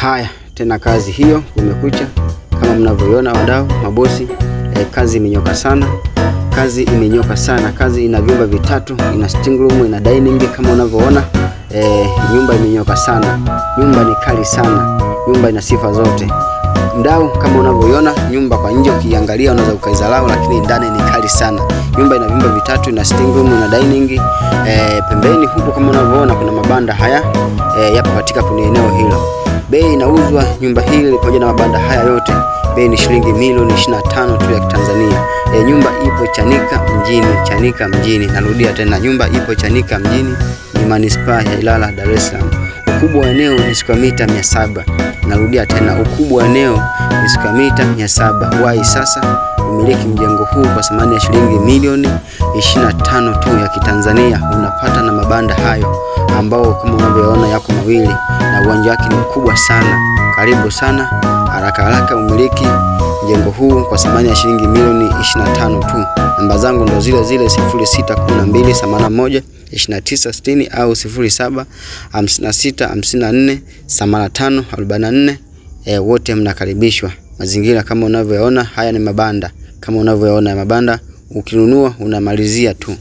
Haya, tena kazi hiyo kumekucha. Kama mnavyoiona wadau, mabosi eh, kazi imenyoka sana, kazi imenyoka sana. Kazi ina vyumba vitatu, ina sitting room, ina dining kama unavyoona eh, nyumba imenyoka sana, nyumba ni kali sana, nyumba ina sifa zote mdau kama unavyoiona nyumba kwa nje ukiangalia unaweza ukaizalau, lakini ndani ni kali sana. Nyumba ina vyumba vitatu, ina sitting room, ina dining eh, pembeni huko kama unavyoona kuna mabanda haya eh, yapo katika kuni eneo hilo. Bei inauzwa nyumba hili pamoja na mabanda haya yote, bei ni shilingi milioni 25 tu ya Kitanzania. E, nyumba ipo Chanika mjini, Chanika mjini. Narudia tena, nyumba ipo Chanika mjini, ni manispaa ya Ilala, Dar es Salaam. Ukubwa wa eneo ni square mita 700. Narudia tena, ukubwa wa eneo ni square mita 700. Wai sasa umiliki mjengo huu kwa thamani ya shilingi milioni 25 tu ya Kitanzania. Unapata na mabanda hayo ambao kama unavyoona yako mawili na uwanja wake ni mkubwa sana. Karibu sana, haraka haraka umiliki jengo huu kwa thamani ya shilingi milioni 25 tu. Namba zangu ndo zile zile 0612812960 au 0756548544. E, wote mnakaribishwa. Mazingira kama unavyoona haya ni mabanda, kama unavyoona mabanda, ukinunua unamalizia tu.